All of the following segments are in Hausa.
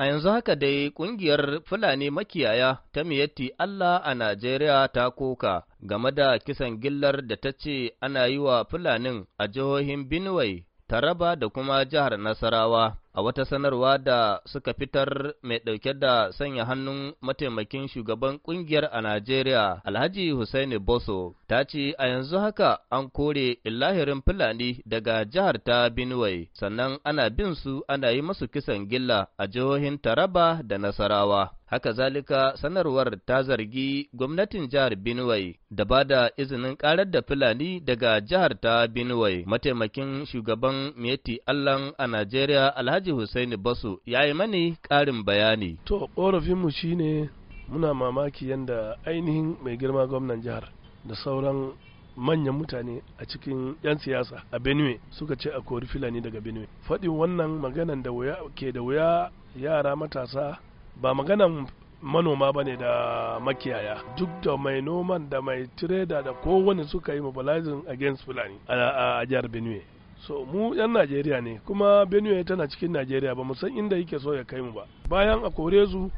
A yanzu haka dai ƙungiyar Fulani makiyaya ta miyatti Allah a Najeriya ta koka game da kisan gillar da ta ce ana yi wa Fulanin a jihohin Benue, Taraba da kuma jihar Nasarawa. A wata sanarwa da suka fitar mai ɗauke da sanya hannun mataimakin shugaban ƙungiyar a Najeriya, Alhaji Hussaini Boso, ta ce a yanzu haka an kore lahirin Fulani daga jihar ta Benue, sannan ana bin su ana yi masu kisan gilla a jihohin Taraba da Nasarawa. Haka zalika sanarwar ta zargi gwamnatin jihar Benue da ba da izinin karar da Fulani daga jihar ta Benue, mataimakin shugaban meti Allan a Najeriya Alhaji Alhaji Hussaini Basu ya yi mani ƙarin bayani. To, ƙorafinmu shi ne muna mamaki yadda ainihin mai girma gwamnan jihar da sauran manyan mutane a cikin 'yan siyasa a Benue suka ce a kori Fulani daga Benue. Faɗin wannan maganan da wuya ke da wuya yara matasa ba maganan manoma ba ne da makiyaya duk da mai noman da mai tireda da kowane suka yi mobilizing against fulani a jihar benue so mu yan najeriya ne kuma benue tana cikin najeriya ba san inda yake so ya kai mu ba bayan a kore su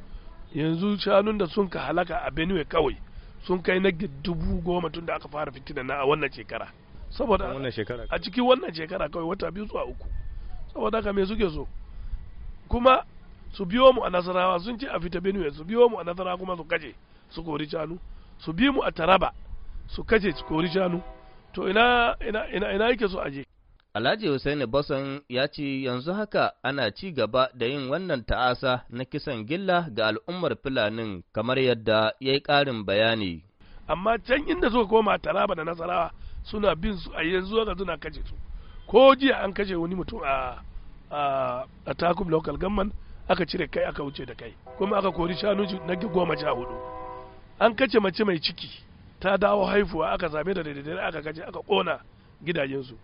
yanzu shanun da sun ka halaka a benue kawai sun kai na dubu goma tun da aka fara fitina na a wannan shekara saboda a cikin wannan shekara kawai wata biyu zuwa uku saboda haka me suke so kuma su biyo mu a nasarawa sun ce a fita benue su biyo mu a nasarawa kuma su kaje su kori shanu su bi mu a taraba su kaje su kori shanu to ina ina ina yake so aje Alhaji Hussaini Bosan ya ce yanzu haka ana ci gaba da yin wannan ta'asa na kisan gilla ga al'ummar Fulanin kamar yadda ya yi ƙarin bayani. Amma can inda suka koma Taraba da Nasarawa suna bin su a yanzu haka suna kashe su. Ko jiya an kashe wani mutum a a Takum Local gamman aka cire kai aka wuce da kai kuma aka kori shanu na goma sha hudu. An kace mace mai ciki ta dawo haifuwa aka same da daidai aka kace aka ƙona gidajensu.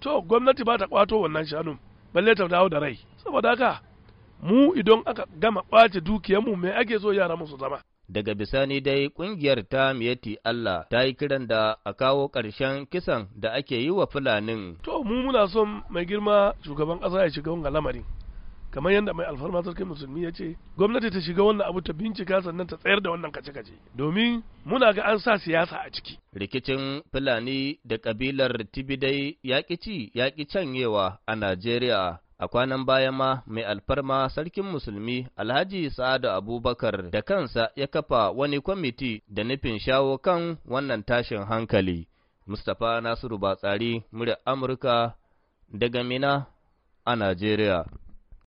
to gwamnati ba ta kwato wannan shanun balle ta dawo da rai saboda haka mu idan aka gama kwace dukiyarmu me ake so yara mu su zama daga bisani dai ƙungiyar ta miyati Allah ta yi kiran da a kawo ƙarshen kisan da ake yi wa fulanin. To mu muna son mai girma shugaban ƙasa ya shiga wanga lamarin. kamar yadda mai alfarma sarkin musulmi ya ce gwamnati ta shiga wannan abu ta bincika sannan ta tsayar da wannan kace-kace domin muna ga an sa siyasa a ciki rikicin fulani da kabilar tibidai yaƙi ci yaƙi canyewa a najeriya A kwanan baya ma mai alfarma sarkin musulmi Alhaji Sa'adu Abubakar da kansa ya kafa wani kwamiti da nufin shawo kan wannan tashin hankali. Mustapha Nasiru Batsari, murya Amurka daga Mina a Najeriya.